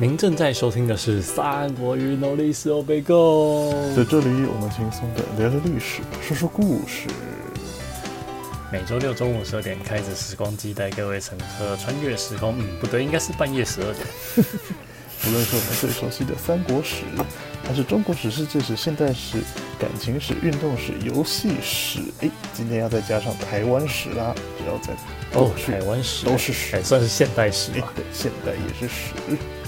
您正在收聽的是《三國瑜雲の歷史歐北共》。在這裡，我們輕鬆地聊聊歷史，說說故事。每周六中午十二點，開着時光機帶各位乘客穿越時空。嗯，不對，應該是半夜十二點。無論是我們最熟悉的三國史，還是中國史、世界史、現代史、感情史、運動史、遊戲史，哎、欸，今天要再加上台灣史啦！不要再哦，台灣史都是史、欸，算是現代史吧？欸、對現代也是史。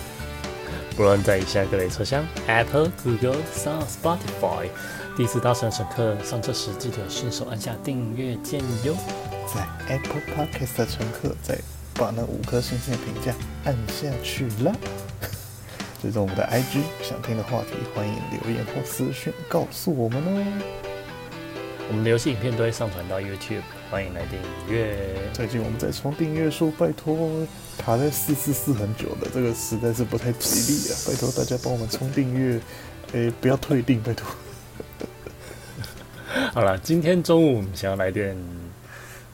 不論在以下各類車廂，Apple、Google、Sound、Spotify，第一次搭乘的乘客上車時記得順手按下訂閱鍵喲。在 Apple Podcast 的乘客，再把那五顆星星的評價按下去啦。最 終我們的 IG 想聽的話題，歡迎留言或私訊告訴我們哦。我們的遊戲影片都會上傳到 YouTube。歡迎來訂閱。最近我們在衝訂閱數，拜托卡在四四四很久的，這個實在是不太吉利啊！拜託大家幫我們衝訂閱，哎，不要退訂，拜託。好了，今天中午我們想要來點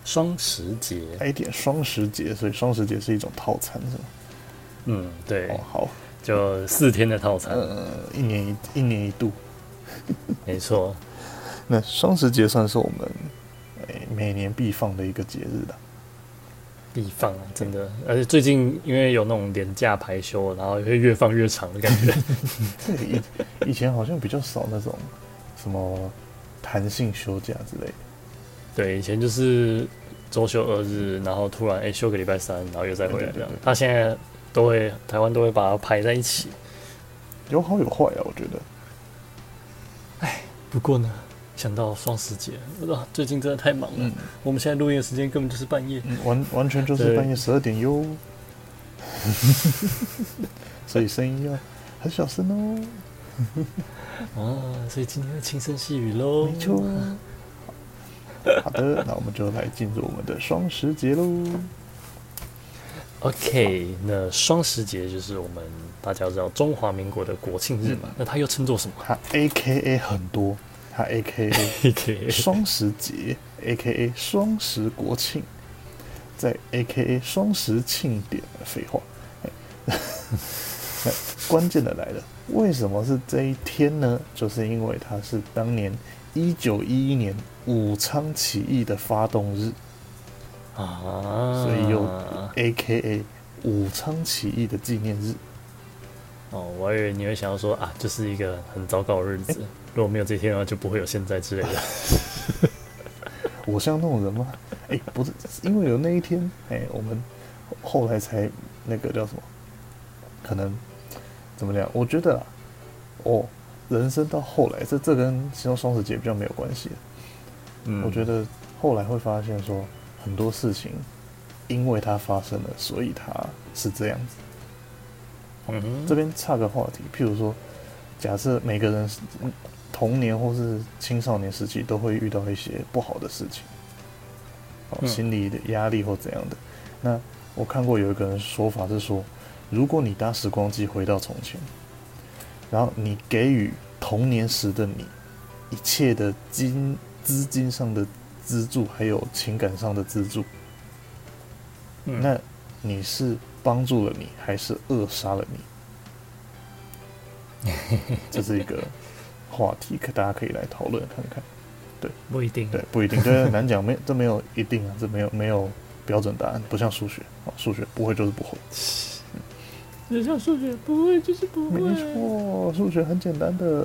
雙十節，來一點雙十節，所以雙十節是一種套餐是嗎？嗯，對。哦、好，就四天的套餐。嗯、呃，一年一一年一度。沒錯， 那雙十節算是我們。每、欸、每年必放的一個節日的、啊，必放啊。真的，而且最近因為有那種連假排休，然後也會越放越長的感覺。這 以以前好像比較少那種什麼彈性休假之類的。對，以前就是周休二日，然後突然誒休、欸、個禮拜三，然後又再回來這樣。他、欸啊、現在都會台灣都會把它排在一起，有好有壞啊，我覺得。哎，不過呢。想到雙十節，哇，最近真的太忙了、嗯。我們現在錄音的時間根本就是半夜，嗯、完完全就是半夜十二點喲。 所以聲音要很小聲哦。 啊，所以今天要輕聲細語嘍。沒錯。好好的，那我們就來進入我們的雙十節嘍。OK，那雙十節就是我們大家知道中華民國的國慶日嘛、嗯？那它又稱作什麼？它 AKA 很多。他 A K A 雙十節，A K A 雙十國慶，在 A K A 雙十慶典。廢話， 關鍵的來了，為什麼是這一天呢？就是因為它是當年一九一一年武昌起義的發動日啊，所以有 A K A 武昌起義的紀念日。哦，我還以為你會想要說啊，這、就是一個很糟糕的日子。如果沒有這一天的話，就不會有現在之類的。 我像那種人嗎？哎、欸，不是，是因為有那一天，哎、欸，我們後來才那個叫什麼？可能怎麼講？我覺得啦，哦，人生到後來，這這跟西方雙十節比較沒有關係。嗯，我覺得後來會發現說很多事情，因為它發生了，所以它是這樣子。嗯哼，這邊岔個話題，譬如說，假設每個人是。童年或是青少年時期都會遇到一些不好的事情，好心理的壓力或怎樣的。那我看過有一個人說法是說，如果你搭時光機回到從前，然後你給予童年時的你一切的金資金上的資助，還有情感上的資助，那你是幫助了你，還是扼殺了你？這是一個。話題可大家可以來討論看看，對不一定，對不一定，這很難講，沒這沒有一定啊，這沒有沒有標準答案，不像數學、哦、數學不會就是不會，嗯、只像數學不會就是不會，沒錯，數學很簡單的，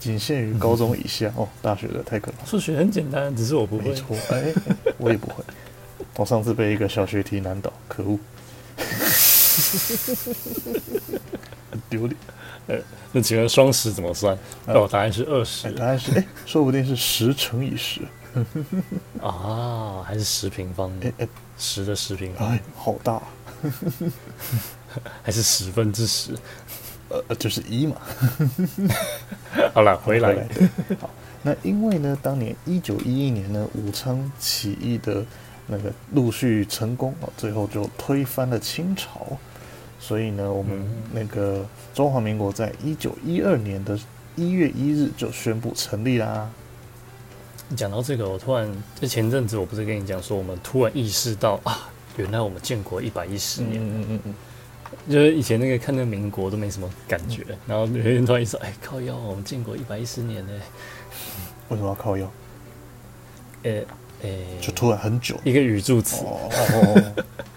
僅限於高中以下、嗯、哦，大學的太可怕，數學很簡單，只是我不會，沒錯、哎，我也不會， 我上次被一個小學題難倒，可惡， 很丟臉。呃、欸，那請問雙十怎麼算？呃、哦，答案是二十，答案是哎、欸欸，說不定是十乘以十啊、 哦，還是十平方呢？哎、欸欸、十的十平方，哎、欸，好大、啊， 還是十分之十，呃，就是一嘛。 好了，回來，好回來，好。那因為呢，當年一九一一年呢，武昌起義的那個陸續成功啊、哦，最後就推翻了清朝。所以呢，我們那個中華民國在一九一二年的一月一日就宣布成立啦。講、嗯、到這個，我突然就前陣子我不是跟你講說，我們突然意識到啊，原來我們建國一百一十年。嗯嗯嗯，就是以前那個看那個民國都沒什麼感覺，嗯、然後有人突然一說，哎、欸，靠右，我們建國一百一十年呢，為什麼要靠右？哎、欸、哎、欸，就突然很久。一個語助詞。哦哦哦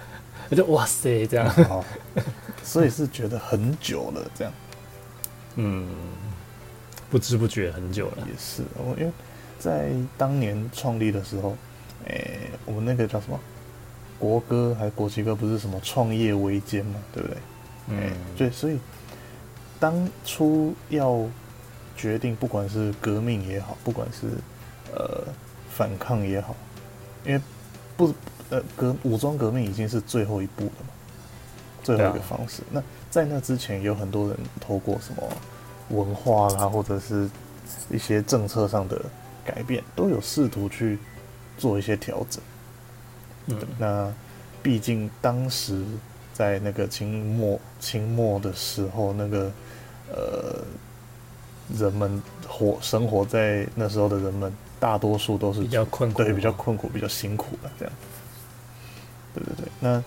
我就哇塞，這樣、嗯好，所以是覺得很久了，這樣，嗯，不知不覺很久了，也是，我因為在當年創立的時候，誒、欸，我們那個叫什麼國歌還國旗歌，不是什麼創業維艱嘛，對不對？誒、嗯，對、欸，所以當初要決定，不管是革命也好，不管是呃反抗也好，因為不。呃，革武裝革命已經是最後一步了嘛，最後一個方式。啊、那在那之前，有很多人透過什麼文化啦，或者是一些政策上的改變，都有試圖去做一些調整。嗯，嗯那畢竟當時在那個清末清末的時候，那個呃，人們活生活在那時候的人們，大多數都是比較困苦，對，比較困苦，比較辛苦的這樣。對對對，那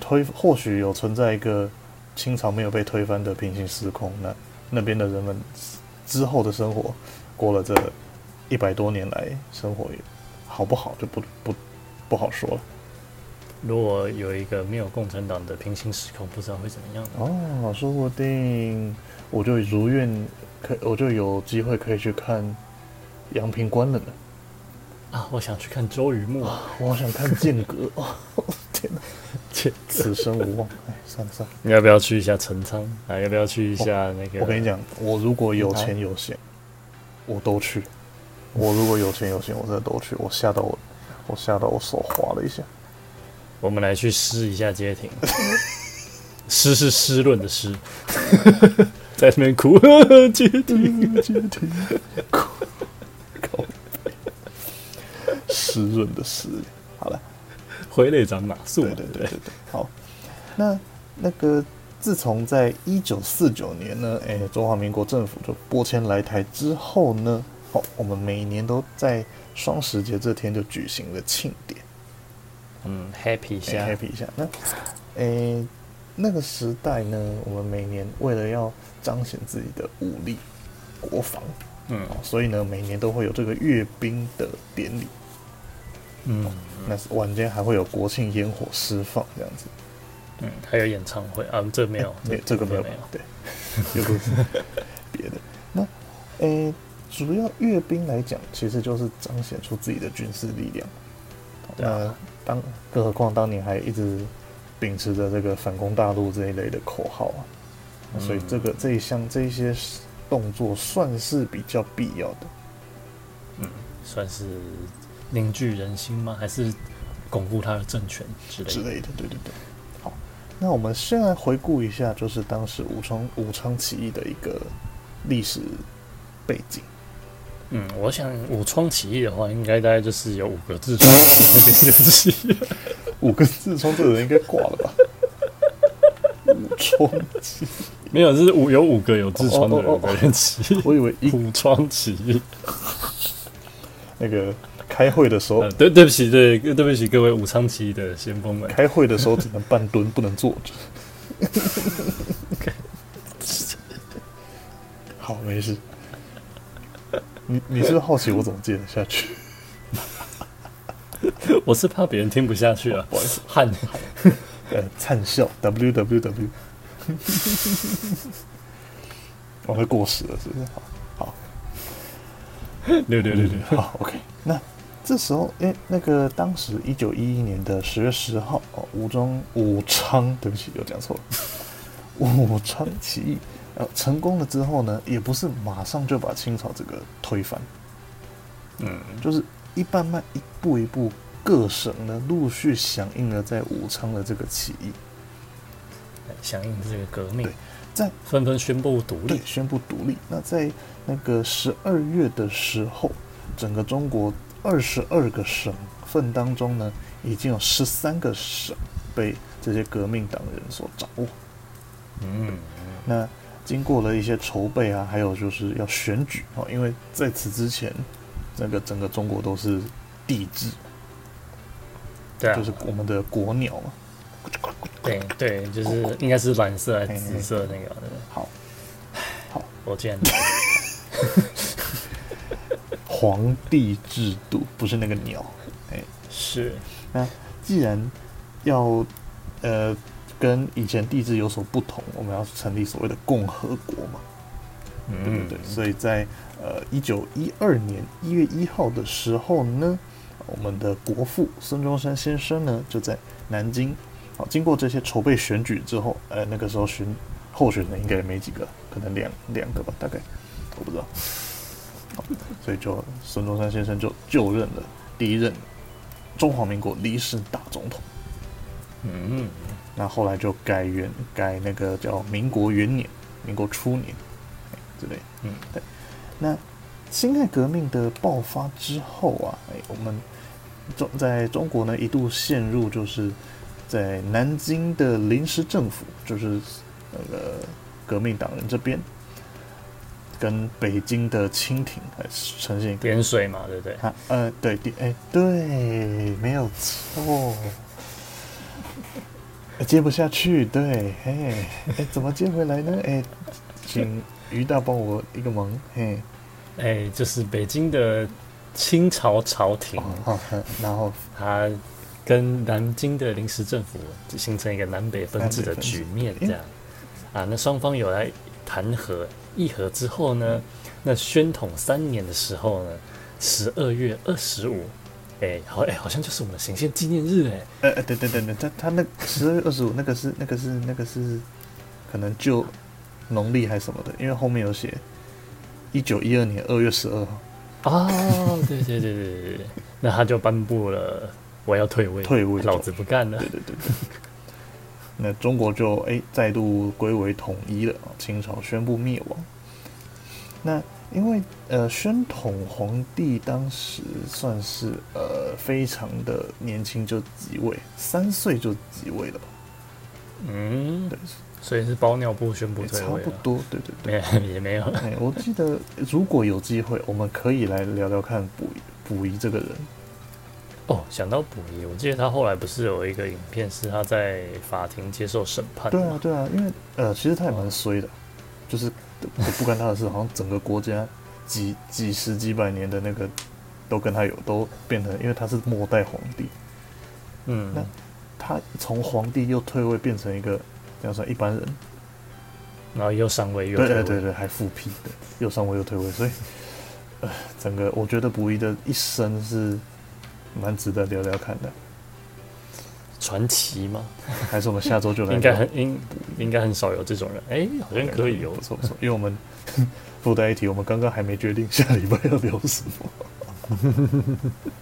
推或許有存在一個清朝沒有被推翻的平行時空，那那邊的人們之後的生活，過了這一百多年來，生活也好不好就不不不好說了。如果有一個沒有共產黨的平行時空，不知道會怎麼樣哦，說不定我就如願可，可我就有機會可以去看陽平關了呢。啊、我想去看周瑜墓，我好想看劍閣。》 哇、哦，天哪、啊，此生無望。哎、欸，算了算了。你要不要去一下陳倉？還、啊、要不要去一下那個？我，我跟你講，我如果有錢有閒、啊，我都去。我如果有錢有閒，我真的都去。我嚇到我，我嚇到我手滑了一下。我們來去試一下街亭》 詩詩論詩。濕是濕潤的濕，在那邊邊哭，街 亭接庭。 接停濕潤的濕，好了，揮淚斬馬謖，對對對對，對 好，那那個自從在一九四九年呢，哎，中華民國政府就播遷來台之後呢，好、哦，我們每年都在雙十節這天就舉行了慶典，嗯，Happy 一下 Happy 一下，那，哎，那個時代呢，我們每年為了要彰顯自己的武力，國防，嗯，哦、所以呢，每年都會有這個閱兵的典禮。嗯、哦，那是晚間還會有國慶煙火施放這樣子，嗯，還有演唱會啊，這沒有，欸、這對對這個沒有，沒有對， 有個別的。那誒、欸，主要閱兵來講，其實就是彰顯出自己的軍事力量。呃、哦，啊、那當更何況當年還一直秉持着這個反攻大陸這一類的口號啊，那所以這個、嗯、這一項這一些動作算是比較必要的。嗯，算是。凝聚人心嗎？還是鞏固他的政權之類的？之類的，對對對。好，那我們先來回顧一下，就是當時武昌武昌起義的一個歷史背景。嗯，我想武昌起義的話，應該大概就是有個的個的 五個自這，五 個自，五個自，昌的人應該掛了吧？武昌起義沒有，就是五有五個有痔瘡的人在起義，我以為武昌起義那個。開會的時候，對對不起，對對不起，各位武昌起義的先鋒們，開會的時候只能半蹲，不能坐着。好，沒事。你你是不是好奇我怎麼接得下去？我是怕別人聽不下去啊。不好意思，汗，呃，燦笑。w w w。我快過時了，是不是？好，好。六六六六，好，OK，那。這時候，哎、欸，那個當時一九一一年的十月十號，哦，武中武昌，對不起，又講錯了， 武昌起義，呃，成功了之後呢，也不是馬上就把清朝這個推翻，嗯，就是一慢慢一步一步，各省呢陸續響應了在武昌的這個起義，響應這個革命，對，在紛紛宣布獨立，宣布獨立。那在那個十二月的時候，整個中國。二十二個省份當中呢，已經有十三個省被這些革命黨人所掌握。嗯，那經過了一些籌備啊，還有就是要選舉哦，因為在此之前，那、這個整個中國都是帝制，對、啊，就是我們的國鳥嘛。對對，就是應該是藍色還是紫色那個？嘿嘿好，好，我見了。 皇帝制度不是那個鳥，誒，是那既然要呃跟以前帝制有所不同，我們要成立所謂的共和國嘛，嗯，對不對？所以在呃一九一二年一月一號的時候呢，我們的國父孫中山先生呢就在南京，好，啊，經過這些籌備選舉之後，呃，那個時候選候選人應該也沒幾個，可能兩兩個吧，大概我不知道。所以就孫中山先生就就任了第一任中華民國臨時大總統。嗯，那後來就改元改那個叫民國元年、民國初年，欸，之類。嗯，對。那辛亥革命的爆發之後啊，欸，我們中在中國呢一度陷入就是在南京的臨時政府，就是那個革命黨人這邊。跟北京的清廷還是蜻蜓點水嘛，對不對？呃，對，哎，對，沒有錯， 接不下去，對，嘿，誒，怎麼接回來呢？哎，請瑜大幫我一個忙，嘿，哎，就是北京的清朝朝廷，哦、然後他跟南京的臨時政府形成一個南北分治的局面，這樣啊，那雙方有來談和。議和之後呢，那宣統三年的時候呢，十二月二十五，哎，好哎、欸，好像就是我們的行憲紀念日哎、欸欸。對對等等等等，他他那十二月二十五那個是那個是，那個是那個是，可能就農曆還是什麼的，因為後面有寫一九一二年二月十二號。啊、哦，對對對對對對，那他就頒布了我要退位，退位，老子不幹了。對對對，對。那中國就哎、欸、再度歸為統一了，清朝宣布滅亡。那因為呃，宣統皇帝當時算是呃非常的年輕就即位，三歲就即位了。嗯，對，所以是包尿布宣布退位、欸、差不多，對對對，沒有也沒有、欸。我記得如果有機會，我們可以來聊聊看溥儀溥儀這個人。哦，想到溥儀，我記得他後來不是有一個影片，是他在法庭接受審判的、啊。對啊，對啊，因為呃，其實他也蠻衰的，哦、就是不關他的事， 好像整個國家幾幾十幾百年的那個都跟他有都變成，因為他是末代皇帝。嗯。那他從皇帝又退位變成一個，怎樣說一般人？然後又上位又退位，對、呃、對，對對，還復辟的，又上位又退位，所以呃，整個我覺得溥儀的一生是。蠻值得聊聊看的，傳奇嗎？還是我們下周就來看 應該，應該很應應該很少有這種人。哎、欸，好像可以有，錯，不錯，因為我們呵呵附帶一提，我們剛剛還沒決定下禮拜要聊什麼。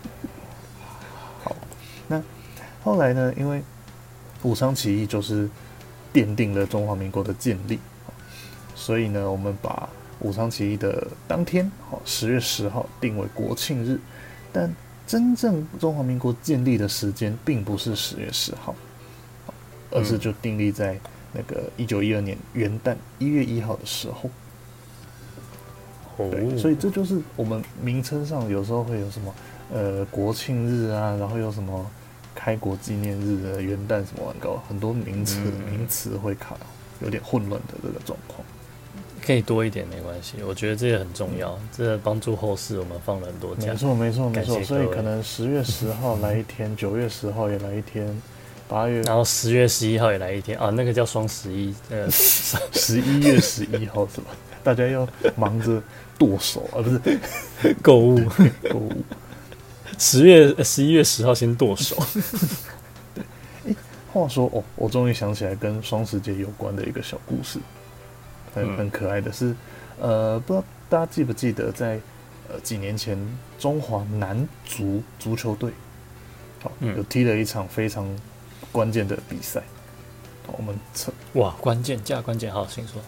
好，那後來呢？因為武昌起義就是奠定了中華民國的建立，所以呢，我們把武昌起義的當天，好、喔、十月十號定為國慶日，但。真正中華民國建立的時間並不是十月十號，而是就訂立在那個一九一二年元旦一月一號的時候，嗯，對。所以這就是我們名稱上有時候會有什麼呃國慶日啊，然後有什麼開國紀念日、啊、元旦什麼玩意，很多名詞、嗯、名詞會卡，有點混亂的這個狀況。可以多一點沒關係，我覺得這個很重要，這幫助後世，我們放了很多假。沒錯沒錯沒錯，所以可能十月十號來一天，九、嗯、月十號也來一天，八月然後十月十一號也來一天啊，那個叫雙十一，呃十一月十一號是吧？ 大家要忙着剁手啊，不是購物購物。十 購 月十一、呃、月十號先剁手。哎， 話說哦，我終於想起來跟雙十節有關的一個小故事。很很可愛的是，是、嗯，呃，不知道大家記不記得在，在呃幾年前，中華男足足球隊，好、哦嗯，有踢了一場非常關鍵的比賽、哦。我們測，哇，關鍵，加關鍵，好，先說，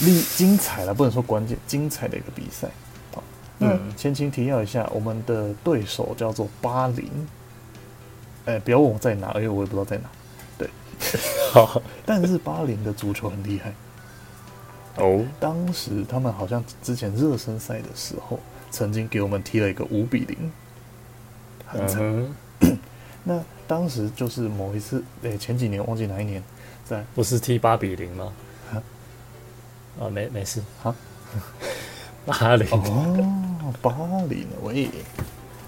厲，精彩了，不能說關鍵，精彩的一個比賽。好、哦，嗯，前情提要一下，我們的對手叫做巴林。哎，不要問我在哪，因為我也不知道在哪。對，好，但是巴林的足球很厲害。哦、oh.，當時他們好像之前熱身賽的時候，曾經給我們踢了一個五比零，很、uh、慘 -huh. 那當時就是某一次，對、欸，前幾年忘記哪一年，在不是踢八比零嗎？啊，啊啊沒沒事哈。八零哦，八零喂，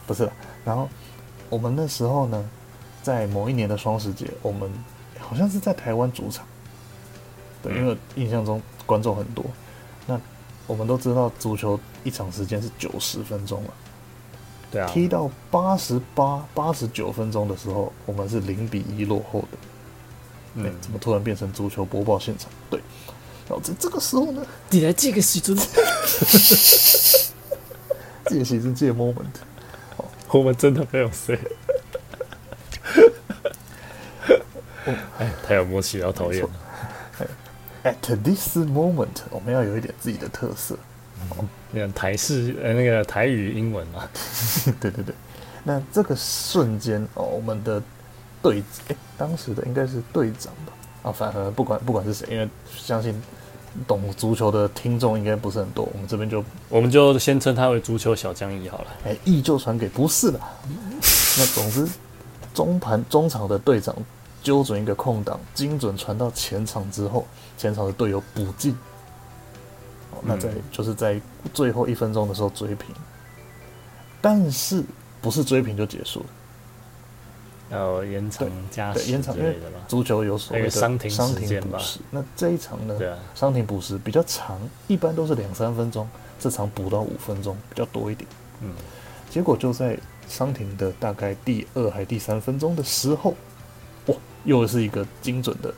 不是啦，然後我們那時候呢，在某一年的雙十節，我們好像是在台灣主場，對、嗯，因為印象中。觀眾很多，那我們都知道足球一場時間是九十分鐘了，對啊，踢到八十八、八十九分鐘的時候，我們是零比一落後的，嗯、欸，怎麼突然變成足球播報現場？對，然後在這個時候呢，你來借個許尊， 借許尊借 moment， 我們真的沒有 say，哎， 太有默契了，討厭了。At this moment，我們要有一點自己的特色。嗯哦、台式呃，那個台語英文嘛。 對對對，那這個瞬間哦，我們的隊，哎，當時的應該是隊長吧？啊，反而不管不管是誰，因為相信懂足球的聽眾應該不是很多，我們這邊就我們就先稱他為足球小將一好了。哎，E 就傳給不是了。那總之，中盤中場的隊長。揪準一個空檔，精準傳到前場之後，前場的隊友補進。那在、嗯、就是在最後一分鐘的時候追平，但是不是追平就結束了。呃、哦，延長加時，對，延長，因為足球有所謂的傷停補時。那這一場呢，傷停補時比較長，一般都是兩三分鐘，這場補到五分鐘比較多一點。嗯，結果就在傷停的大概第二還第三分鐘的時候。又是一個精準的，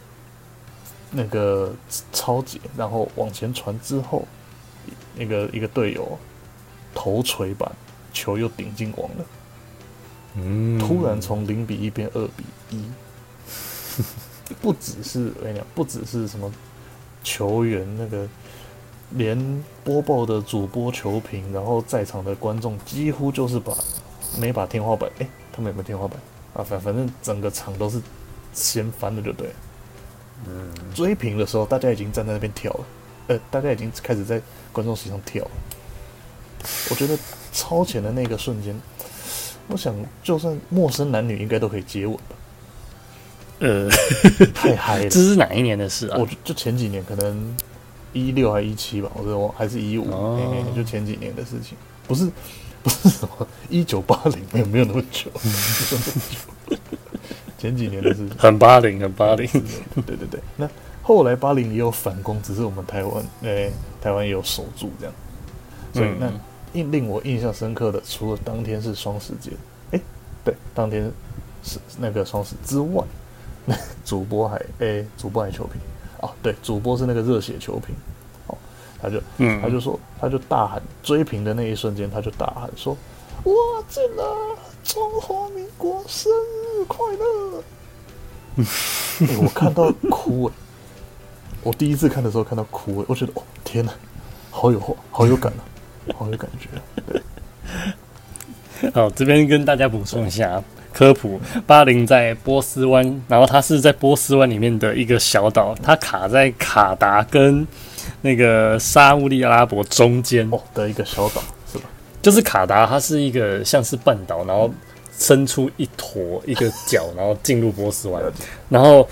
那個超級，然後往前傳之後，那個一個隊友頭錘把球又頂進網了，嗯，突然從零比一變二比一， 不只是我跟你講，不只是什麼球員那個，連播報的主播、球評，然後在場的觀眾幾乎就是把每把天花板，哎、欸，他們有沒有天花板啊？反反正整個場都是。先翻了就對，嗯，追平的時候，大家已經站在那邊跳了，呃，大家已經開始在觀眾席上跳了。我覺得超前的那個瞬間，我想就算陌生男女應該都可以接吻吧。呃，太嗨了！ 這是哪一年的事啊？我就，就前幾年，可能一六還一七吧，我說我還是一五、oh. 欸欸，就前幾年的事情。不是，不是什麼一九八零，沒有那麼久，沒有那麼久。前幾年都是很八零，很八零。 對，對對對，那後來八零也有反攻，只是我們台灣，誒、欸，台灣也有守住這樣。所以、嗯、那印令我印象深刻的，除了當天是雙十節，誒、欸，對，當天是那個雙十之外，那主播還哎、欸，主播還球評。哦、啊，對，主播是那個熱血球評。哦，他就、嗯，他就說，他就大喊追平的那一瞬間，他就大喊說。哇！真的，中華民國生日快樂！嗯、欸，我看到哭了！我第一次看的時候看到哭了，我覺得哦，天吶，好有好有感、啊、好有感覺。好，這邊跟大家補充一下科普：巴林在波斯灣，然後它是在波斯灣裡面的一個小島，它卡在卡達跟那個沙烏地阿拉伯中間、哦、的一個小島。就是卡達，它是一個像是半島，然後伸出一坨一個腳，然後進入波斯灣。然後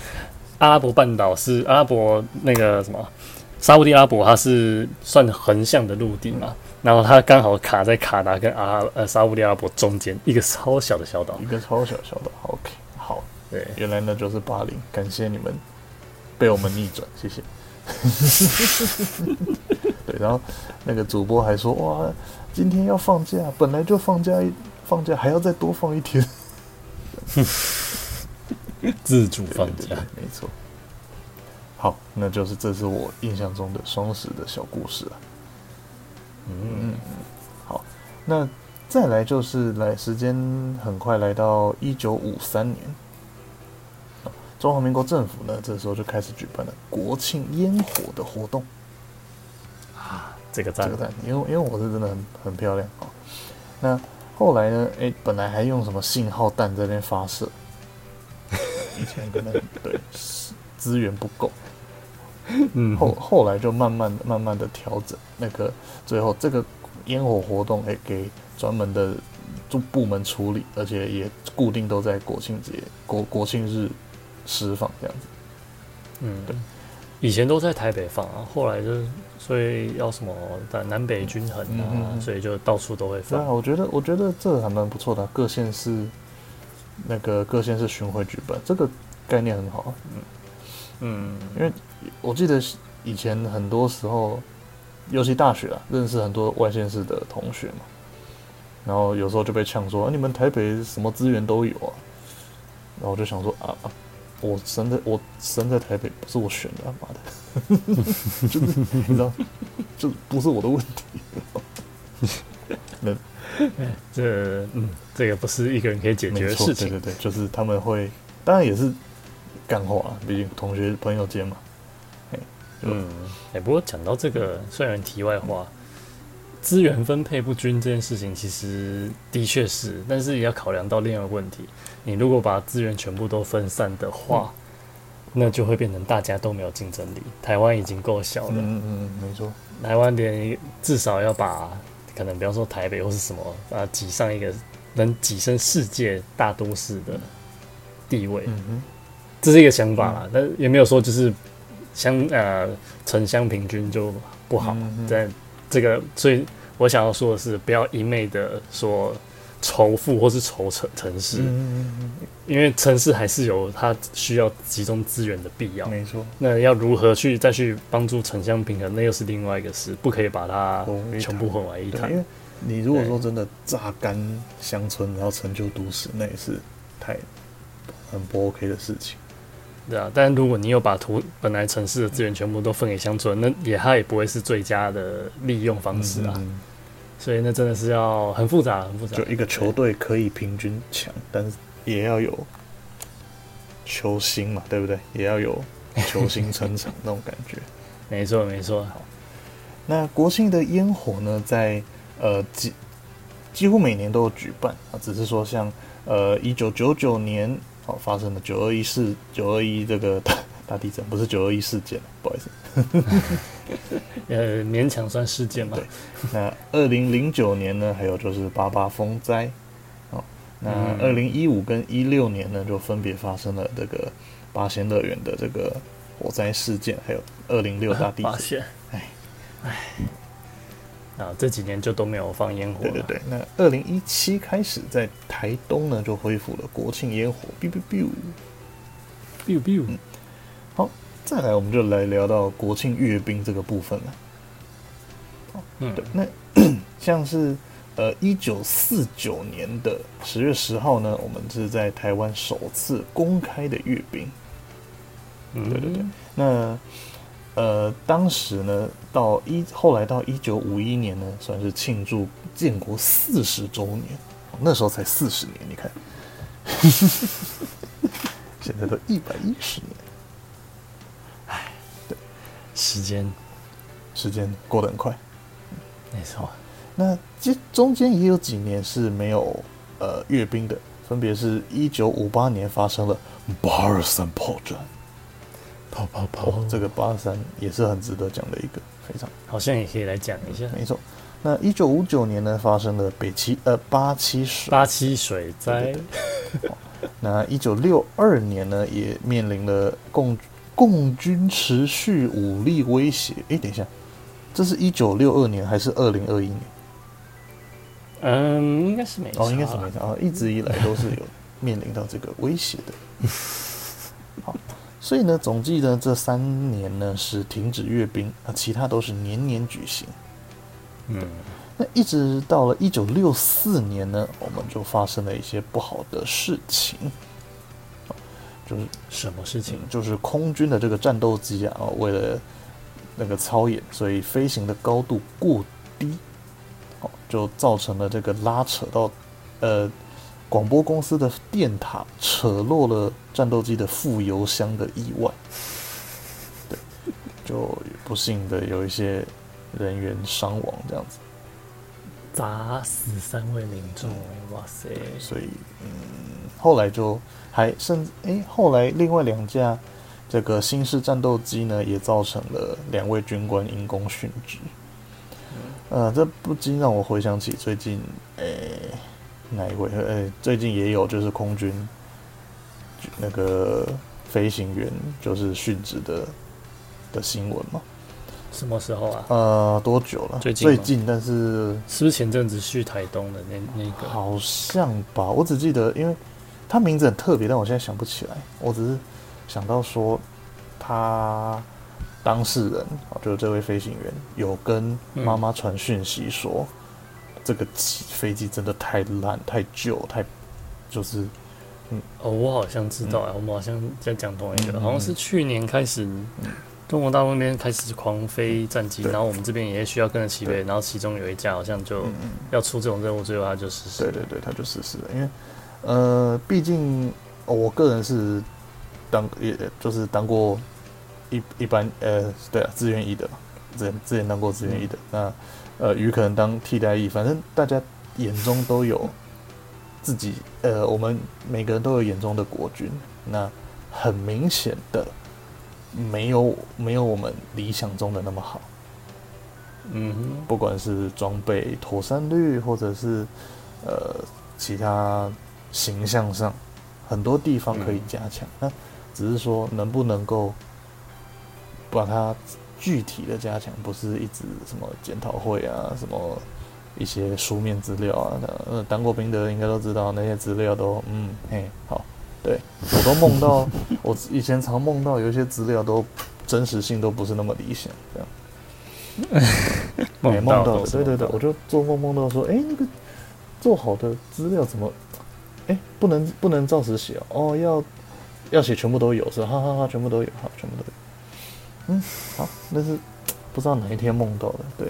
阿拉伯半島是阿拉伯那個什麼沙烏地阿拉伯，它是算橫向的陸地嘛？然後它剛好卡在卡達跟阿呃沙烏地阿拉伯中間一個超小的小島，一個超小的小島。OK，好，對，原來那就是巴林，感謝你們被我們逆轉，謝謝。 然後，那個主播還說：“哇，今天要放假，本來就放假，放假還要再多放一天， 自主放假，對對對，沒錯。好，那就是這是我印象中的雙十的小故事了啊。嗯嗯嗯。好，那再來就是來，時間很快來到一九五三年，中華民國政府呢，這時候就開始舉辦了國慶煙火的活動。”這個讚、這個讚，因為因為我是真的很很漂亮，哦、那後來呢？誒、欸，本來還用什麼信號彈在那邊發射， 以前可能對資源不夠，嗯，後後來就慢慢慢慢的調整那個，最後這個煙火活動誒、欸，給專門的做部門處理，而且也固定都在國慶節國國慶日釋放這樣子。嗯，對，以前都在台北放啊，後來就。所以要什麼？南北均衡啊，嗯嗯、所以就到處都會分啊，我覺得我覺得這個還蠻不錯的、啊，各縣市那個各縣市巡迴舉辦，這個概念很好、啊。嗯嗯，因為我記得以前很多時候，尤其大學啊認識很多外縣市的同學嘛，然後有時候就被嗆說、呃、你們台北什麼資源都有啊，然後我就想說啊。我生在我生在台北，不是我選的、啊，媽的， 就是、你知道，就不是我的問題。那 這嗯，這個不是一個人可以解決的事情。沒錯，對對對，就是他們會，當然也是幹話、啊，畢竟同學朋友間嘛。嗯，哎、欸，不過講到這個，雖然題外話。嗯資源分配不均這件事情，其實的確是，但是也要考量到另外一個問題：你如果把資源全部都分散的話、嗯，那就會變成大家都沒有競爭力。台灣已經夠小了，嗯嗯，沒錯，台灣連至少要把可能，比方說台北或是什麼，啊，擠上一個能躋身世界大都市的地位，嗯嗯，這是一個想法啦、嗯，但也沒有說就是相呃城鄉平均就不好，嗯嗯這個，所以我想要說的是，不要一昧的說仇富或是仇城城市，嗯嗯嗯，因為城市還是有它需要集中資源的必要。沒錯。那要如何去再去幫助城鄉平衡，那又是另外一個事，不可以把它全部混為一談。因為你如果說真的榨乾鄉村，然後成就都市，那也是太很不 OK 的事情。對啊，但如果你有把圖本來城市的資源全部都分給鄉村，那也它也不會是最佳的利用方式啊，嗯嗯。所以那真的是要很複雜，很複雜。就一個球隊可以平均強，啊，但是也要有球星嘛，對不對？也要有球星撐場 那種感覺。沒錯，沒錯。好，那國慶的煙火呢，在呃幾幾乎每年都有舉辦啊，只是說像呃一九九九年。好、哦，發生了九二一四九二一這個大、大地震，不是九二一事件，不好意思， 呃，勉強算事件吧。 對。那二零零九年呢，還有就是八八風災。哦。那二零一五跟一六年呢，就分別發生了這個八仙樂園的這個火災事件，還有二零六大地震。呃、八仙，哎，哎。啊，這幾年就都沒有放煙火了。對對對，那二零一七開始在台東呢就恢復了國慶煙火。biu biu biu biu biu。好，再來我們就來聊到國慶閱兵這個部分了。嗯，對，那咳咳，像是呃一九四九年的十月十號呢，我們是在台灣首次公開的閱兵。嗯，對對對。那呃，當時呢？到一後來到一九五一年呢，算是慶祝建國四十週年。哦，那時候才四十年，你看， 現在都一百一十年。哎，對，時間，時間過得很快，沒錯。那這中間也有幾年是沒有呃閱兵的，分別是一九五八年發生了八二三炮戰。跑跑跑，哦！這個八三也是很值得講的一個，非常好像也可以來講一下。嗯、沒錯，那一九五九年呢發生了北七呃八七八七水災、 哦，那一九六二年呢也面臨了共共軍持續武力威脅。誒，等一下，這是一九六二年還是二零二一年？嗯，應該是沒錯，哦，應該是沒錯啊，哦，一直以來都是有面臨到這個威脅的。 好。所以呢，總計呢這三年呢是停止閱兵啊，其他都是年年舉行。嗯，那一直到了一九六四年呢，我們就發生了一些不好的事情。就是什麼事情？嗯，就是空軍的這個戰鬥機啊，為了那個操演，所以飛行的高度過低，就造成了這個拉扯到，呃。廣播公司的電塔扯落了戰鬥機的副油箱的意外，對，就不幸的有一些人員傷亡這樣子，砸死三位民眾，嗯，哇塞！所以，嗯，後來就還甚至，哎、欸，後來另外兩架這個新式戰鬥機呢，也造成了兩位軍官因公殉職。呃，這不禁讓我回想起最近，欸哪一位？哎、欸，最近也有就是空軍那個飛行員就是殉職的的新聞嗎？什麼時候啊？呃，多久了？最近，最近，但是是不是前陣子去台東的那那個？好像吧，我只記得，因為他名字很特別，但我現在想不起來。我只是想到說，他當事人就是這位飛行員，有跟媽媽傳訊息說。嗯這個飛機真的太爛太舊太，就是嗯哦我好像知道啊、嗯、我們好像在講同一個，好像是去年開始，中、嗯、國大陸那邊開始狂飛戰機，然後我們這邊也需要跟着起飛，然後其中有一架好像就、嗯、要出這種任務，最後他就失事。對對對，他就失事了，因為呃畢竟、哦、我個人是當也就是當過一一般呃對啊志願役的，之前之前當過志願役的、嗯、那。呃，魚可能當替代役，反正大家眼中都有自己。呃，我們每個人都有眼中的國軍。那很明顯的，沒有沒有我們理想中的那麼好。嗯、嗯，不管是裝備、妥善率，或者是呃其他形象上，很多地方可以加強。那、嗯、只是說能不能夠把它。具體的加強不是一直什麼檢討會啊，什麼一些書面資料啊。呃、當過兵的人應該都知道，那些資料都嗯嘿好。對，我都夢到， 我以前常夢到有一些資料都真實性都不是那麼理想，這樣。沒 夢、欸、 到的， 對，對對對， 我就做夢夢到說，哎、欸，那個做好的資料怎麼，哎、欸，不能不能照實寫，哦，要要寫全部都有，是哈哈哈，全部都有，哈，全部都有。嗯，好，那是不知道哪一天夢到的，對。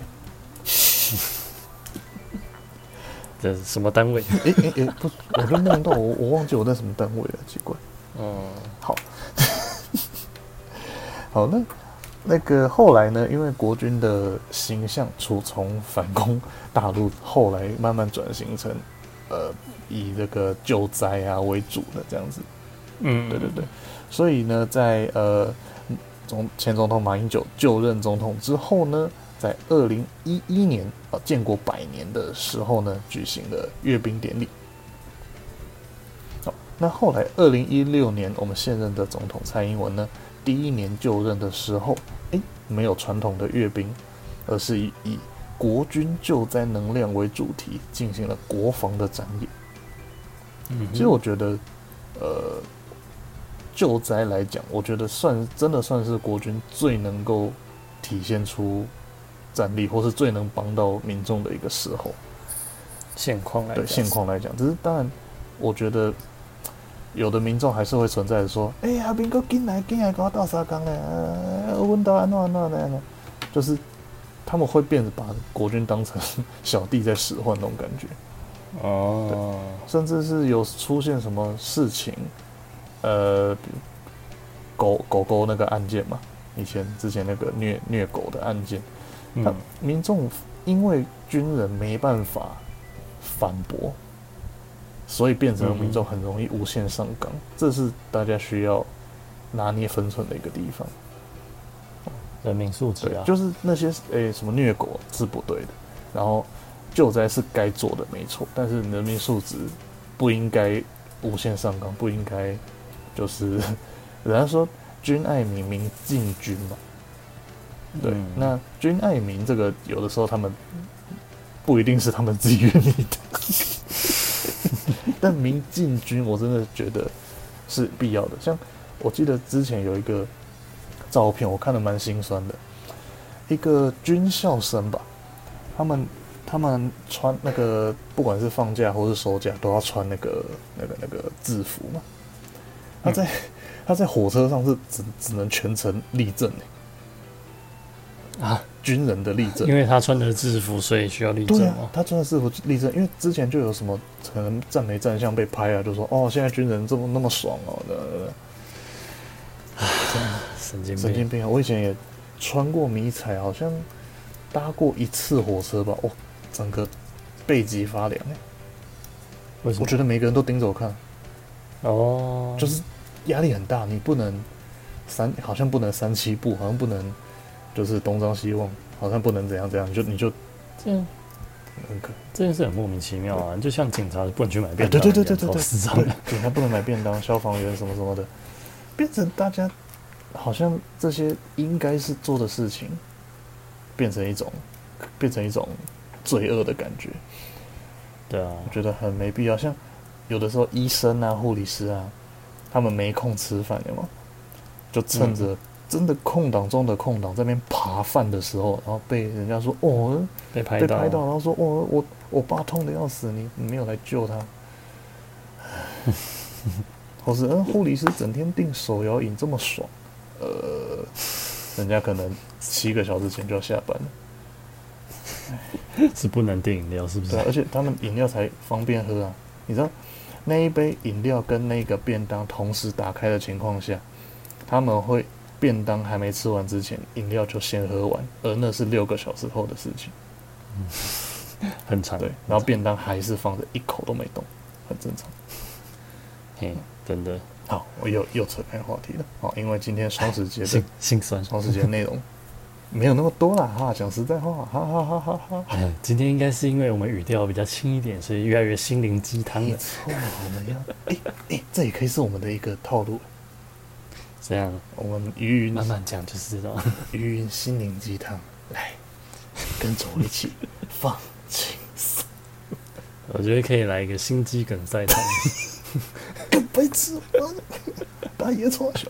這是什麼單位？哎、欸欸欸、不，我是夢到 我，我忘記我在什麼單位了，奇怪。嗯，好， 好，那那個後來呢？因為國軍的形象出，從反攻大陸，後來慢慢轉型成呃以這個救災啊為主的這樣子。嗯，對對對，所以呢，在呃。從前總統馬英九就任總統之後呢，在二零一一年啊建國百年的時候呢，舉行了閱兵典禮。好、哦，那後來二零一六年我們現任的總統蔡英文呢，第一年就任的時候，誒，沒有傳統的閱兵，而是以國軍救災能量為主題，進行了國防的展演。嗯，其實我覺得，呃。救災來講，我覺得算真的算是國軍最能夠體現出戰力，或是最能幫到民眾的一個時候。現況來講，對現況來講，只是當然，我覺得有的民眾還是會存在說：“哎、欸、呀，兵哥進來進來，給我倒沙缸嘞？呃，聞到安安安娜的。”就是他們會變得把國軍當成小弟在使喚那種感覺。哦對，甚至是有出現什麼事情。呃，狗狗狗那個案件嘛，以前之前那個虐虐狗的案件，那、嗯、民眾因為軍人沒辦法反駁，所以變成了民眾很容易無限上綱、嗯嗯，這是大家需要拿捏分寸的一個地方。人民素質啊，對，就是那些誒、欸、什麼虐狗是不對的，然後救災是該做的沒錯，但是人民素質不應該無限上綱，不應該。就是人家說“軍愛民，民敬軍”嘛。對、嗯，那“軍愛民”這個有的時候他們不一定是他們自己願意的、嗯，但“民敬軍”我真的覺得是必要的。像我記得之前有一個照片，我看的蠻心酸的，一個軍校生吧，他們他們穿那個不管是放假或是收假都要穿那個那個那個制服嘛。他在、嗯、他在火車上是只只能全程立正啊，軍人的立正，因為他穿的制服，所以需要立正、哦、對啊。他穿的制服立正，因為之前就有什麼可能站沒站相被拍啊，就說哦，現在軍人這麼那麼爽哦的、啊。神經病神經病啊！我以前也穿過迷彩，好像搭過一次火車吧，我、哦、整個背脊發涼。為什麼？我覺得每個人都盯着我看。哦、oh.，就是。壓力很大，你不能三，好像不能三七步，好像不能，就是東張西望，好像不能怎樣怎樣，就你就，你就這嗯可，這件事很莫名其妙啊！就像警察不能去買便當，啊、對對對對對對，對，對，對， 對，警察不能買便當，消防員什麼什麼的，變成大家好像這些應該是做的事情，變成一種變成一種，變成一種罪惡的感覺。對啊，我覺得很沒必要。像有的時候醫生啊，護理師啊，他們沒空吃飯，有嗎？就趁着真的空檔中的空檔，在那邊扒飯的時候，嗯，然後被人家說哦，被拍到，被拍到，然後說哦，我我爸痛得要死你，你沒有來救他。或 是嗯，護理師整天訂手搖飲這麼爽，呃，人家可能七個小時前就要下班了， 是不能訂飲料，是不是？對，而且他們飲料才方便喝啊，你知道。那一杯飲料跟那個便當同時打開的情況下，他們會便當還沒吃完之前，飲料就先喝完，而那是六個小時後的事情，嗯，很慘對很慘，然後便當還是放着一口都沒動，很正常。嗯，真的好，我又又扯開話題了，好，因為今天雙十節，的，心 酸，雙十節內容。沒有那麼多啦哈，講實在話，哈哈哈哈哈。哎，今天應該是因為我們語調比較輕一點，所以越來越心靈雞湯了。錯了，我們要，哎哎，這也可以是我們的一個套路。這樣，我們瑜雲慢慢講就是這種瑜雲心靈雞湯，來 跟着我一起放輕鬆。 我覺得可以來一個心肌梗塞湯，白癡死，把爺吵醒。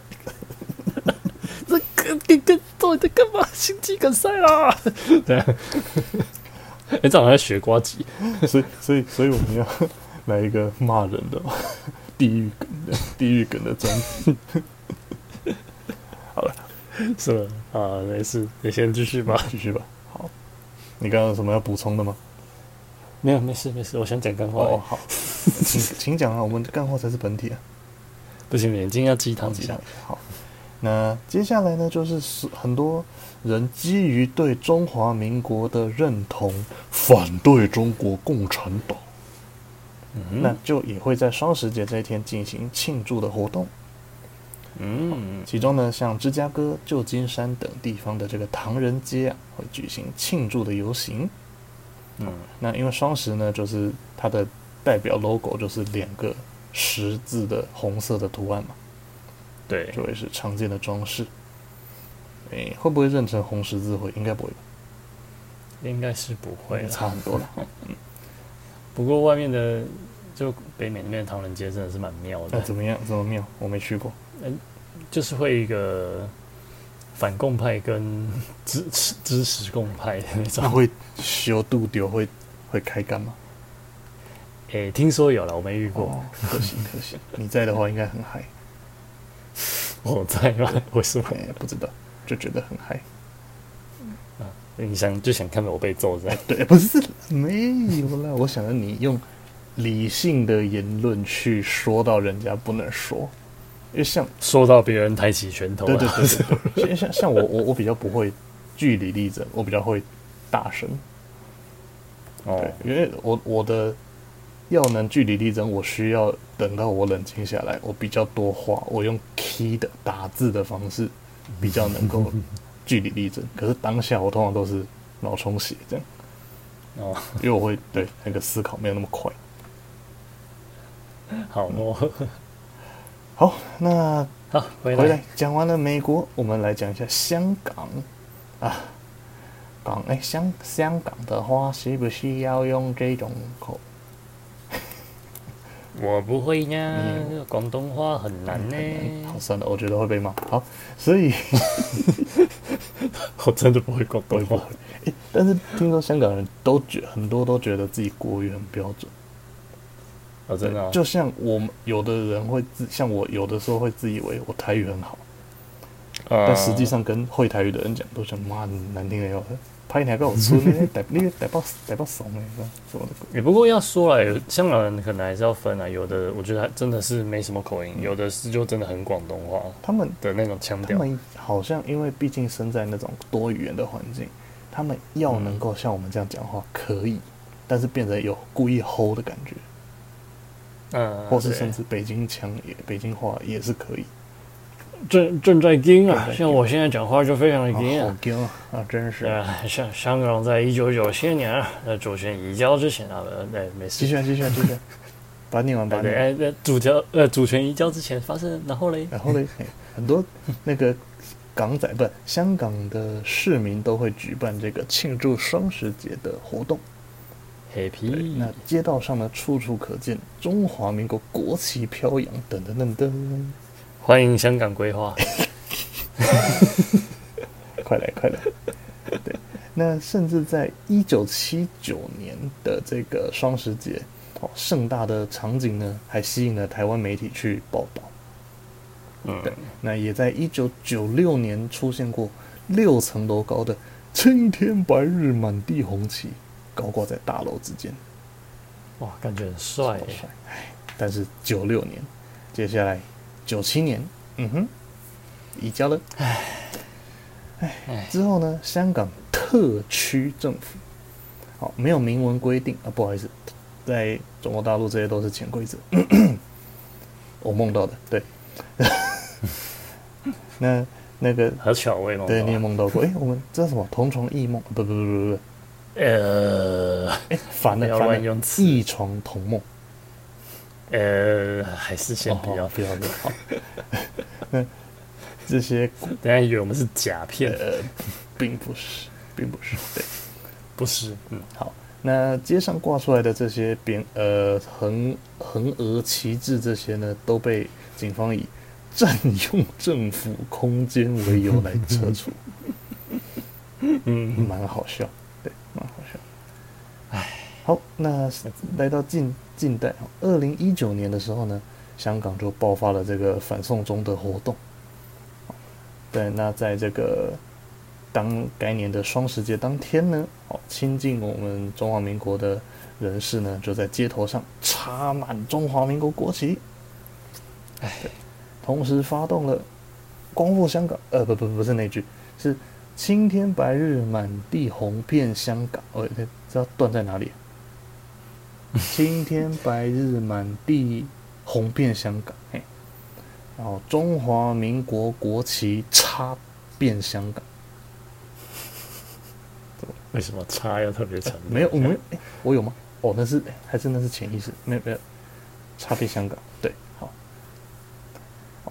跟跟，跟，到底在幹嘛？心肌梗塞啦！對，哎、 欸，這樣好像學呱吉，所以所以所以我們要來一個罵人的、喔、地獄梗的 地獄梗的專 好了，是吧？啊，沒事，你先繼續吧，繼續吧。好，你剛剛有什麼要補充的嗎？沒有，沒事，沒事，我想講幹話。好，請請講啊， 我們的幹話才是本體啊！不行，眼睛要雞湯一下。好。那接下來呢，就是是很多人基於對中華民國的認同，反對中國共產黨。嗯，那就也會在雙十節這一天進行慶祝的活動。嗯，其中呢，像芝加哥、舊金山等地方的這個唐人街啊，會舉行慶祝的遊行。嗯，那因為雙十呢，就是它的代表 logo 就是兩個十字的紅色的圖案嘛。對，這也是常見的裝飾。哎、欸，會不會認成紅十字會？應該不會吧，吧應該是不會，差很多了、 嗯。不過外面的就北美那邊唐人街真的是蠻妙的，啊。怎麼樣？怎麼妙？我沒去過。嗯，欸，就是會一個反共派跟支持支持共派的那種。會修渡丟會會開幹嗎？誒、欸、聽說有了，我沒遇過，哦，可惜可惜。 你在的話應該，應該很嗨。我在嗎？為什麼、欸、不知道？就覺得很嗨，啊欸、你想就想看到我被揍，在，對？不是啦沒有啦。 我想着你用理性的言論去說到人家不能說，因為像說到別人抬起拳頭，對對對，對，對 像，像像我我我比較不會據理力爭，我比較會大聲哦對，因為我我的。要能據理力爭，我需要等到我冷靜下來。我比較多話，我用 key 的打字的方式比較能夠據理力爭。 可是當下我通常都是腦充血這樣，哦、oh.，因為我會對那個思考沒有那麼快。好 嘛、嗯，好，那回回來講完了美國，我們來講一下香港啊。港誒、香、欸、香港的話，是不是要用這種口？我不會呢，廣、嗯、東話很難呢、嗯。好算了，我覺得會被罵。好，所以 我真的不會廣東話。誒、欸，但是聽說香港人都覺很多都覺得自己國語很標準啊，真的、啊。就像我們有的人會自，像我有的時候會自以為我台語很好，啊啊但實際上跟會台語的人講，都講媽的難聽的要死。拍你兩個好吃，你你你爆你爆慫嘞！也不過要說，來香港人可能還是要分啊。有的我覺得還真的是沒什麼口音，有的是就真的很廣東話。他們的那種腔調，他們好像因為畢竟身在那種多語言的環境，他們要能夠像我們這樣講話可以，嗯、但是變得有故意吼的感覺，嗯，或是甚至北京腔也、嗯、北京話也是可以。正正在盯啊，啊，像我現在講話就非常的盯、啊，盯啊，啊，啊，真是。香、呃、香港在一九九七年啊，呃主權移交之前啊，呃，沒事。繼續啊，繼續啊，繼 續，把你往把你哎，那、呃、主權呃主權移交之前發生，然後嘞，然後嘞，很多那個港仔不香港的市民都會舉辦這個慶祝雙十節的活動。嗨皮那街道上呢，處處可見中華民國國旗飄揚，噔噔噔噔。歡迎香港規劃， 快來快來！對，那甚至在一九七九年的這個雙十節，哦，盛大的場景呢，還吸引了台灣媒體去報道。嗯，對，那也在一九九六年出現過六層樓高的青天白日滿地紅旗，高掛在大樓之間。哇，感覺很帥耶，但是九六年，接下來。九七年，嗯哼，移交了，唉，唉、嗯，之後呢？香港特區政府，好，沒有明文規定啊，不好意思，在中國大陸這些都是潛規則，我夢到的，對， 那那個，好巧，我也夢到過，你也夢到過，哎、 欸，我們這是什麼同床異夢？不不不不不，呃，哎、欸，反了，不要亂用詞，異床同夢。呃，還是先比較、哦、比較的好，好、 嗯。這些大家以為我們是假片，呃，並不是，並不是，對，不是。嗯，好，那街上掛出來的這些邊呃橫橫額旗幟，這些呢，都被警方以佔用政府空間為由來拆除。 嗯，蠻好笑，對，蠻好笑。哎，好，那來到近。近代二零一九年的時候呢，香港就爆發了這個反送中的活動。對，那在這個當該年的雙十節當天呢，哦，親近我們中華民國的人士呢，就在街頭上插滿中華民國國旗。哎，同時發動了“光復香港”呃，不不不，不，不是那句，是“青天白日滿地紅，遍香港”。哎，知道斷在哪裡？青天白日滿地紅遍香港，然後、哦、中華民國國旗插遍香港。為什麼插要特別長、欸？沒有，我沒有哎、欸，我有嗎？哦，那是、欸、還真的是潛意識，沒有，沒有插遍香港，對。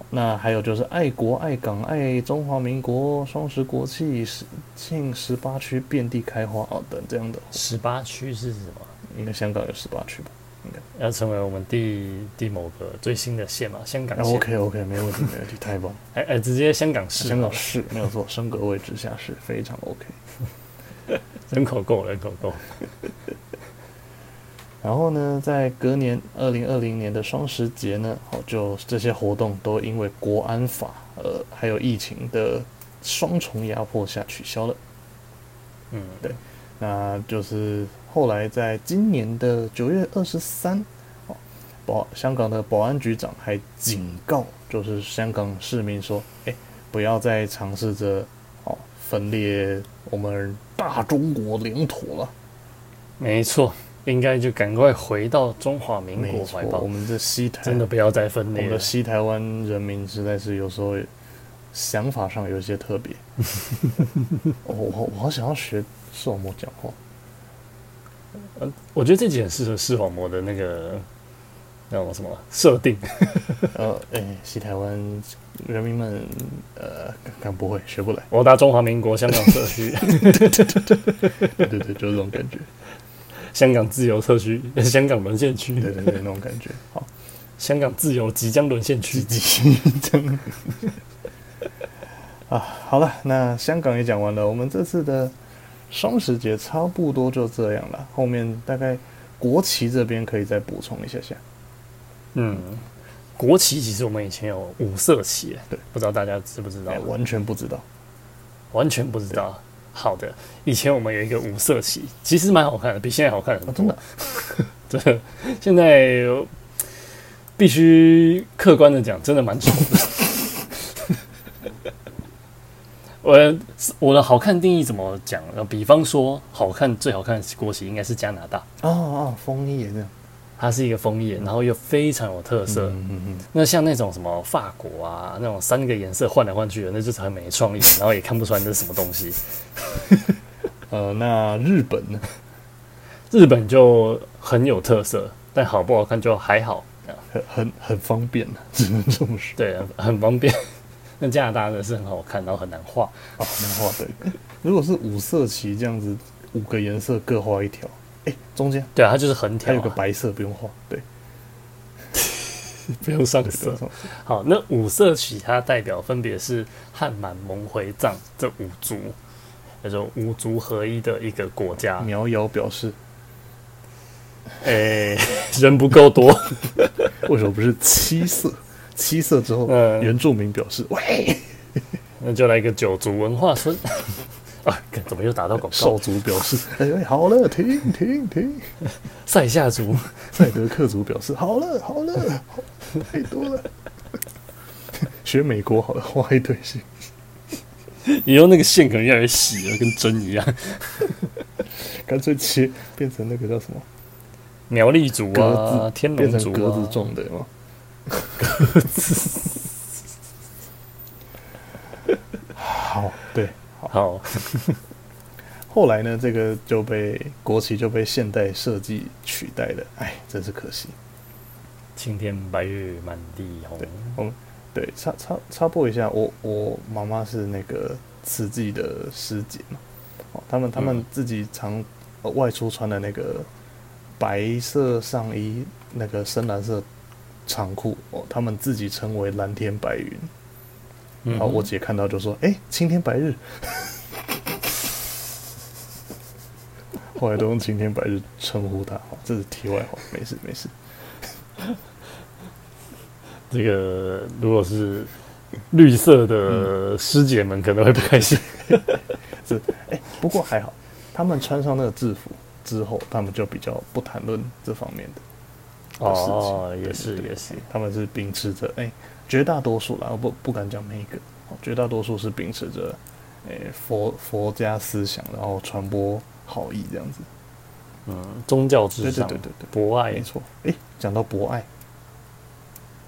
那還有就是愛國愛港愛中華民國雙十國慶十慶十八區遍地開花哦，等這樣的十八區是什麼？應該香港有十八區吧？應該要成為我們第第某個最新的縣嘛？香港、啊、？OK OK，沒問題沒問題， 太棒！哎哎，直接香港市、啊，香港市沒有錯，升格為直轄市，非常 OK。人 口夠人口夠。 然後呢，在隔年二零二零年的雙十節呢，哦，就這些活動都因為國安法，呃，還有疫情的雙重壓迫下取消了。嗯，對，那就是後來在今年的九月二十三，哦，保香港的保安局長還警告，就是香港市民說，哎，不要再嘗試着哦分裂我們大中國領土了。沒錯。應該就趕快回到中華民國懷抱。我們的西台真的不要再分裂了。我們的西台灣人民實在是有時候想法上有一些特別、 哦。我我我好想要學視網膜講話。嗯、呃，我覺得這點是視網膜的那個那種什麼設定。呃， 哎、欸，西台灣人民們，呃，可能不會學不來。我要打中華民國香港社區。對對對對對對，就是、這種感覺。香港自由特區，香港淪陷區， 對對，對，那種感覺。好，香港自由即將淪陷區，即將。啊， 好了，那香港也講完了。我們這次的雙十節差不多就這樣了。後面大概國旗這邊可以再補充一下下。嗯，國旗其實我們以前有五色旗，對，不知道大家知不知道？欸，完全不知道，完全不知道。好的，以前我們有一個五色旗，其實蠻好看的，比現在好看很多。哦、真的、啊， 現在必須客觀的講，真的蠻醜的。 我的我的好看定義怎麼講？比方說，好看最好看的國旗應該是加拿大。哦哦，楓葉這樣。它是一個楓葉，然後又非常有特色。嗯嗯，嗯，嗯。那像那種什麼法國啊，那種三個顏色換來換去的，那就是很沒創意，然後也看不出來那是什麼東西。 呃，那日本呢？日本就很有特色，但好不好看就還好。嗯、很很方便只能這麼說。對，很方便。 那加拿大呢是很好看，然後很難畫、哦。很難畫對，對如果是五色旗這樣子，五個顏色各畫一條。哎、欸，中間，對啊，它就是橫條、啊，還有個白色不用畫，對， 不用上個色。 好，那五色旗它代表分別是漢滿蒙回藏這五族，那種五族合一的一個國家。苗瑤表示，哎、欸，人不夠多， 為什麼不是七色？ 七色之後、嗯，原住民表示，喂， 那就來一個九族文化村。 啊！怎麼又打到廣告？邵族表示：“哎哎，好了，停停停！”賽夏族、賽德克族表示：“好了，好了，好太多了。 ”學美國好了，畫一堆線。你用那個線可能讓人洗了，跟針一樣。乾脆切變成那個叫什麼苗栗族啊，天龍族啊，格子狀的，對嗎？格子。 好，對。好， 後來呢，這個就被國旗就被現代設計取代了，哎，真是可惜。青天白日滿地紅，哦，對，插插插播一下，我我媽媽是那個慈濟的師姐嘛，哦、喔，他們他們自己常、呃、外出穿的那個白色上衣，那個深藍色長褲，哦、喔，他們自己稱為藍天白雲。然後我姐看到就說：“哎、嗯欸，青天白日。 ”後來都用“青天白日”稱呼他。這是題外話，沒事沒事。 這個如果是綠色的師姐們可能會不開心。 是哎、欸，不過還好，他們穿上那個制服之後，他們就比較不談論這方面的。哦，哦，也是對對對，也是，他們是秉持着哎。欸絕大多數啦，我不不敢講每一個，絕大多數是秉持着誒佛佛家思想，然後傳播好意這樣子。嗯，宗教思想對對對，對，對，博愛沒錯。誒，講到博愛，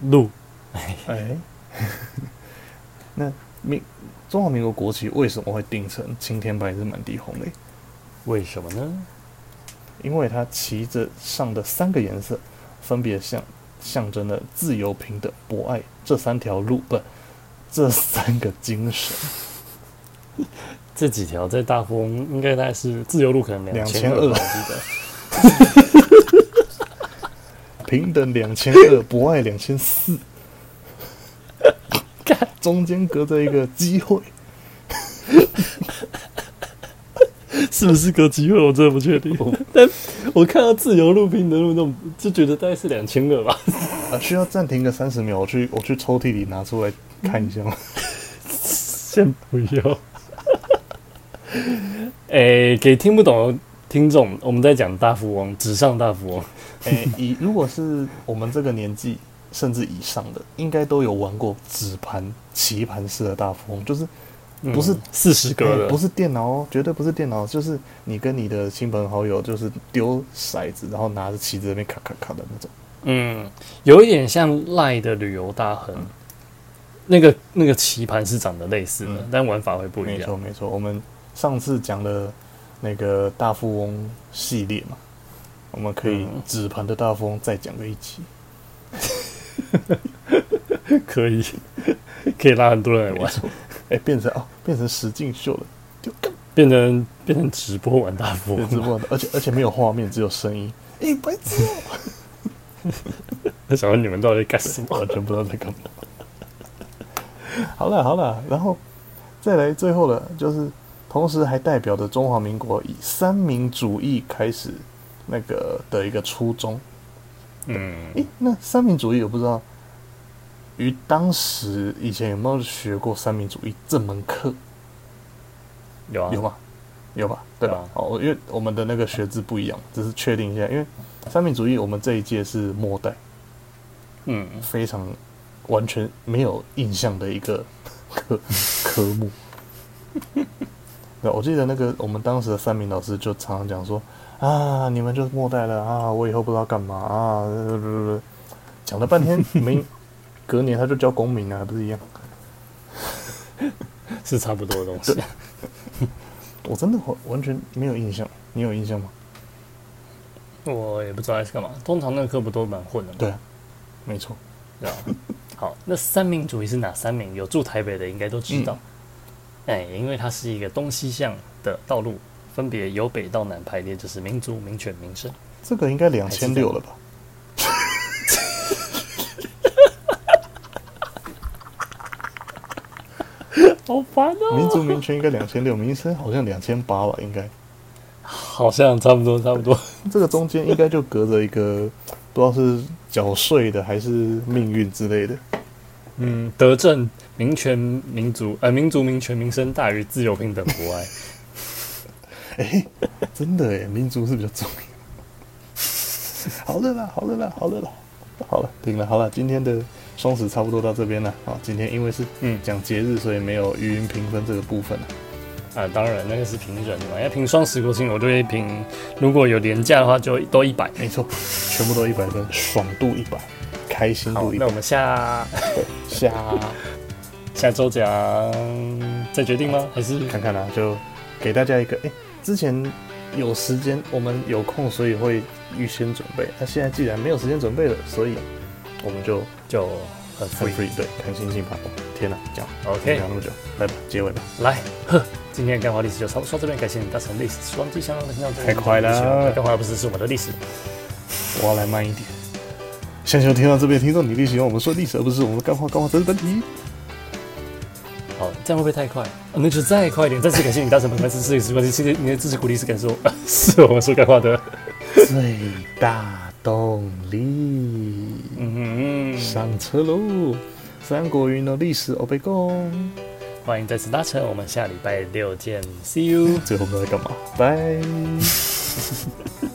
路，哎， 那民中華民國國旗為什麼會定成青天白日滿地紅呢？為什麼呢？因為它旗子上的三個顏色分別像。象徵了自由、平等、博愛這三條路，不，這三個精神，這幾條在大豐應該大概是自由路，可能兩千二，我記得。 平等兩千二，博愛兩千四， 中間隔着一個機會， 是不是隔機會？我真的不確定。Oh. 我看到自由路拼的路，總就覺得大概是兩千個吧。啊，需要暫停個三十秒，我去我去抽屜裡拿出來看一下嗎？ 先不要用。哎、 欸，給聽不懂的聽眾，我們在講大富翁，紙上大富翁、 欸。以如果是我們這個年紀甚至以上的，應該都有玩過紙盤棋盤式的大富翁，就是。不是四十格的。嗯 okay，不是電腦哦，絕對不是電腦，就是你跟你的親朋好友，就是丟骰子，然後拿着棋子那邊咔咔咔的那種。嗯，有一點像賴的旅遊大亨，嗯，那個那個棋盤是長得類似的，嗯，但玩法會不一樣。沒錯沒錯，我們上次講的那個大富翁系列嘛，我們可以紙盤的大富翁再講個一期，嗯、 可以可以拉很多人來玩。哎、欸，變成哦，變成實境秀了，就更，變成變成直播玩大富翁，直播的，而且而且沒有畫面，只有聲音。哎、 欸，白痴、喔！ 我想問你們到底幹什麼？我真不知道在幹嘛。 好了好了，然後再來最後了，就是同時還代表着中華民國以三民主義開始那個的一個初衷。嗯。哎、欸，那三民主義我不知道。於當時以前有沒有學過三民主義這門課？有啊，有嗎？有吧？對吧？哦、啊，因為我們的那個學制不一樣，只是確定一下。因為三民主義，我們這一屆是末代，嗯，非常完全沒有印象的一個科、嗯、科目。 我記得那個我們當時的三民老師就常常講說：“啊，你們就是末代了啊，我以後不知道幹嘛啊。呃”講、呃呃呃、了半天沒。 隔年他就叫公民啊，還不是一樣， 是差不多的東西。我真的完完全沒有印象，你有印象嗎？我也不知道是幹嘛。通常那個科不都蠻混的嗎？對啊，沒錯。好，那三民主義是哪三民？有住台北的應該都知道。哎、嗯欸，因為它是一個東西向的道路，分別由北到南排列，就是民族、民權、民生。這個應該兩千六了吧？好煩吶、啊。民族、民權應該兩千六，民生好像兩千八吧，應該好像差不多，差不多。這個中間應該就隔着一個， 不知道是繳稅的還是命運之類的。嗯，德政、民權、民族，呃，民族、民權、民生大於自由、平等國外、博愛。哎，真的哎，民族是比較聰明。好熱啦，好熱啦，好熱啦。好了，停了，好了，今天的。雙十差不多到這邊了，今天因為是講節，嗯，講節日，所以沒有瑜雲評分這個部分啊，當然那個是評等的嘛，要評雙十國慶，我就會，評如果有連假的話，就都一百，沒錯，全部都一百分， 爽度一百，開心度一百。那我們下 下 下周講，再決定嗎？還是看看啦、啊，就給大家一個哎、欸，之前有時間我們有空，所以會預先準備。那、啊、現在既然沒有時間準備了，所以。我們就就很 free, 很 free，對，看星星吧。天吶，這樣 OK，講那麼久，來吧，結尾吧，來。哼，今天的幹話歷史就到到這邊，感謝你達成歷史雙擊，聽到這邊太快了。幹話不是是我的歷史， 我要來慢一點。先求聽到這邊，聽到你的喜歡，我們說歷史而不是我們幹話幹話真的你。好，這樣會不會太快？那、嗯、就再快一點。再次感謝你達成本事 是萬支持，感謝你的支持鼓勵是感受，是我們說幹話的最大動力。 嗯哼嗯，上車嘍！三國瑜雲の歷史歐北共，歡迎再次搭乘，我們下禮拜六見，See you！ 最後我們要幹嘛？拜！